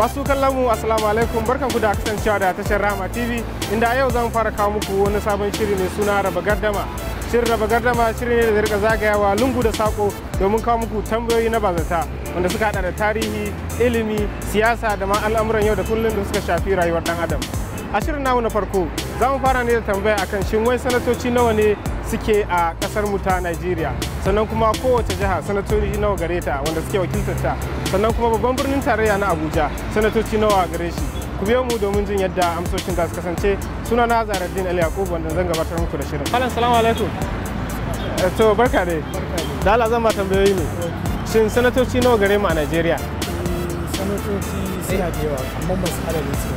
masu kallon mu assalamu alaikum barkanku da kasancewa da tashar rama tv inda yau zan fara kawo muku wani sabon shiri mai suna raba gardama shirin raba gardama shiri ne da zai rika zagayawa lungu da sako domin kawo muku tambayoyi na bazata wanda suka hada da tarihi ilimi siyasa da ma al'amuran yau da kullum da suka shafi rayuwar dan adam a shirin namu na farko za mu fara ne da tambaya akan shin wai sanatoci nawa ne suke a kasar mu ta Najeriya sannan kuma kowace jiha sanatoci nawa gare ta wanda suke wakiltar ta sannan kuma babban birnin tarayya na abuja sanatoci nawa gare shi ku biyo mu domin jin yadda amsoshin za su kasance suna na zaraddin ali yakubu wanda zan gabatar muku da shirin halan salamu alaikum eh, to barka ne da ala zan ba tambayoyi ne shin sanatoci nawa gare mu a najeriya sanatoci suna da yawa amma ba su adadin su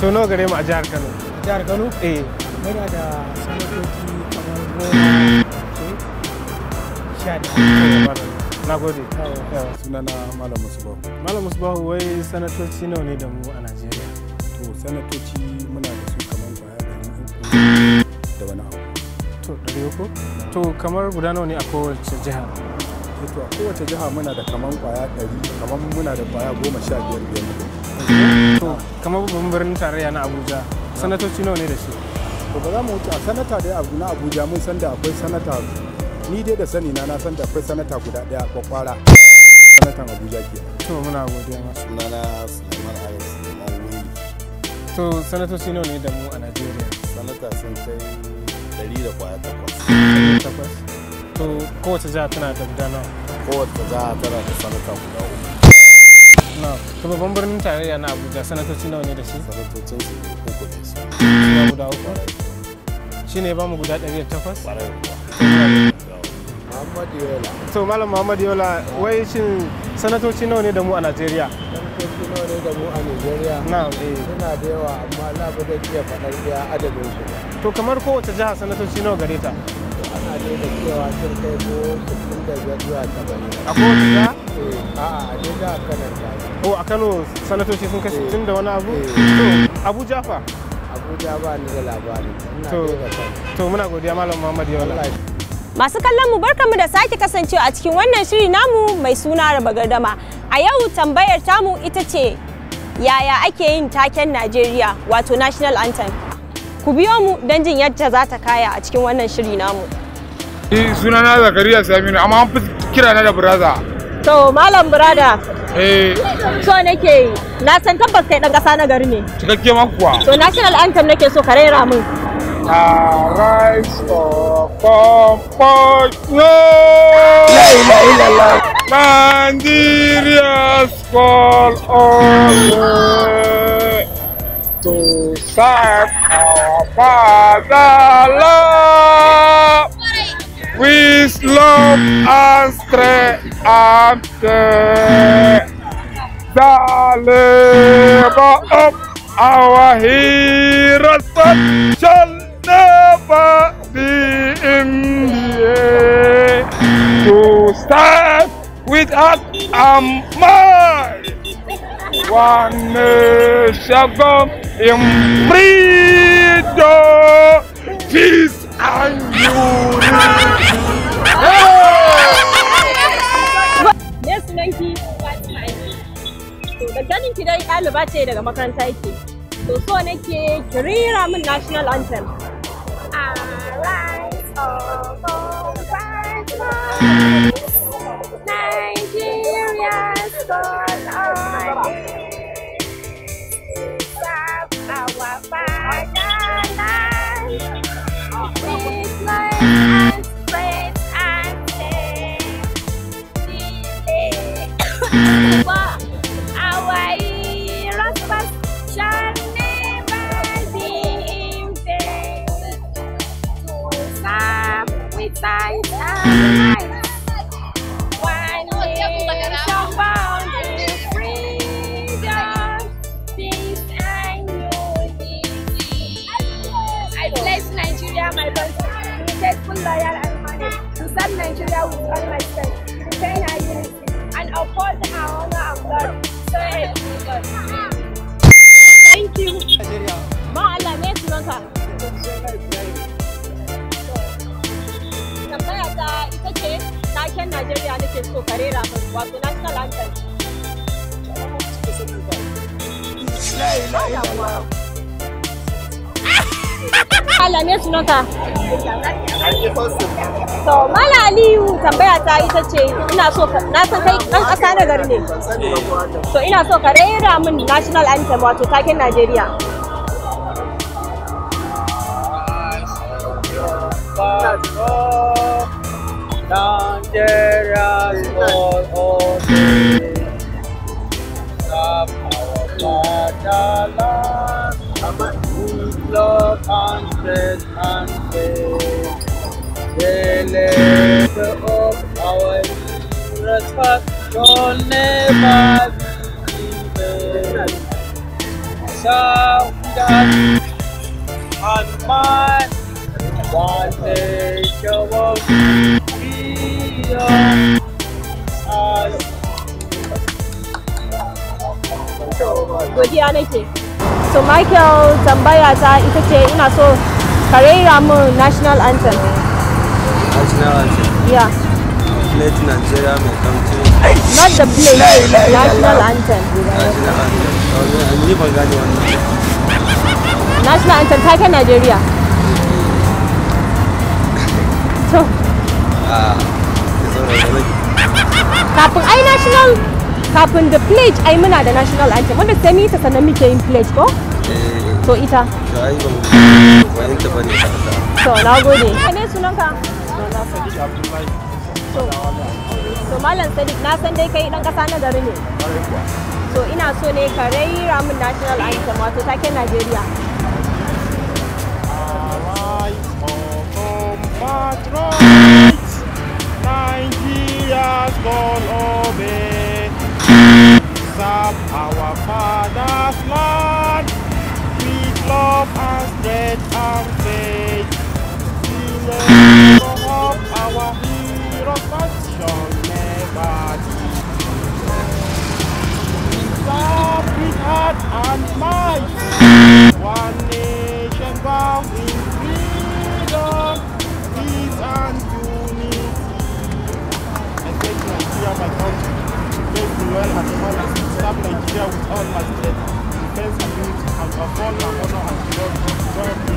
to nawa gare mu a jihar kano jihar kano eh muna da sanatoci kamar goma sha da na gode sunana malam musbahu malam musbahu wai sanatoci nawa ne da mu a najeriya to sanatoci muna da su kamar baya ɗari uku da wani abu to ɗari uku to kamar guda nawa ne a kowace jiha eh, to a kowace jiha muna da kamar kwaya ɗari kamar muna da kwaya goma sha biyar biyar to kamar babban birnin tarayya na abuja sanatoci nawa ne da shi to ba za mu wuce a sanata dai abu na abuja mun san da akwai sanata ni dai da sani na na san da akwai sanata guda daya kwakwara sanatan abuja ke to muna godiya ma na suleiman ayo suleiman wuli to sanatoci nawa ne da mu a najeriya sanata sun kai dari da kwaya takwas to kowace jiha tana da guda nawa kowace jiha tana da sanata guda uku na to babban birnin tarayya na abuja sanatoci nawa ne da shi sanatocin su uku ne su guda uku shine ba mu guda ɗari da takwas Muhammad Yola. To Malam Muhammad Yola wai shin sanatoci nawa ne da mu a Najeriya? Sanatoci nawa ne da mu a Najeriya? Na'am eh. Suna da yawa amma na ba zan iya faɗar iya adadin su To kamar kowace jiha sanatoci nawa gare ta? Ana dai da cewa sun kai ko 65 zuwa 70. A kowace jiha? Eh, a'a, a dai jiha Kano ta. Oh, a Kano sanatoci sun kai 60 eh, da wani abu? Eh. To Abuja fa? Abuja ba ni da labari. To, to muna godiya Malam Muhammad Yola. Masu kallon mu barkamu da sake kasancewa a cikin wannan shiri namu mai suna raba gardama. A yau tambayar tamu ita ce yaya ake yin taken Najeriya wato National Anthem. Ku biyo mu don jin yadda za ta kaya a cikin wannan shiri namu. Eh na Zakariya Saminu amma an fi kira na da Braza. To Malam Brada. Eh. So nake Na san tabbas kai dan kasa na gari ne. Cikakke ma kuwa. To National Anthem nake so ka rera mun. Arise for compulsion. Nigeria's call on to serve our father with love and strength and care. The labor of our heroes shall be in the air to start with heart and mind. One come in freedom, peace and unity. Yes, So the da ganin ki dai ɗaliba ce daga makaranta yake. To so nake ki rera min national anthem lights all for bright Nigeria's Stop our It's loyal and honest, to serve Nigeria with all my strength, defend our unity, and uphold our honor and So help me God. Thank you. Ma Allah ta ita ce taken Najeriya nake so kare rafin wato national Allah me sunanka? To Mala Aliyu tambaya ta ita ce ina so na san kai dan ƙasa na gari ne. To ina so ka rera min national anthem wato takin Najeriya. Nigeria's Lord unfed and faith. The labor of our trespass shall never be vain. Sound and mind, one day shall be yours. Godiya nake. so michael tambaya ta ita ce ina so ka rera mun national anthem national anthem yeah plate nigeria may come to not the plate national anthem national anthem ni ban gane wannan national anthem ta kai nigeria ah, to kafin ai national kafin da pledge ai muna da national anthem wanda sai mu ta sanan muke yin pledge ko eh, to ita to na gode ne sunanka to malam sadiq na san dai kai dan kasa na gari ne to ina so ne ka rai min national anthem wato taken najeriya Patrons, Nigeria's Father's Lord, with love and strength and faith. We lift up our heroes shall never die. with heart and mind, one nation bound well and honest to serve Nigeria with all my strength, defense, ability, and perform my honor and glory.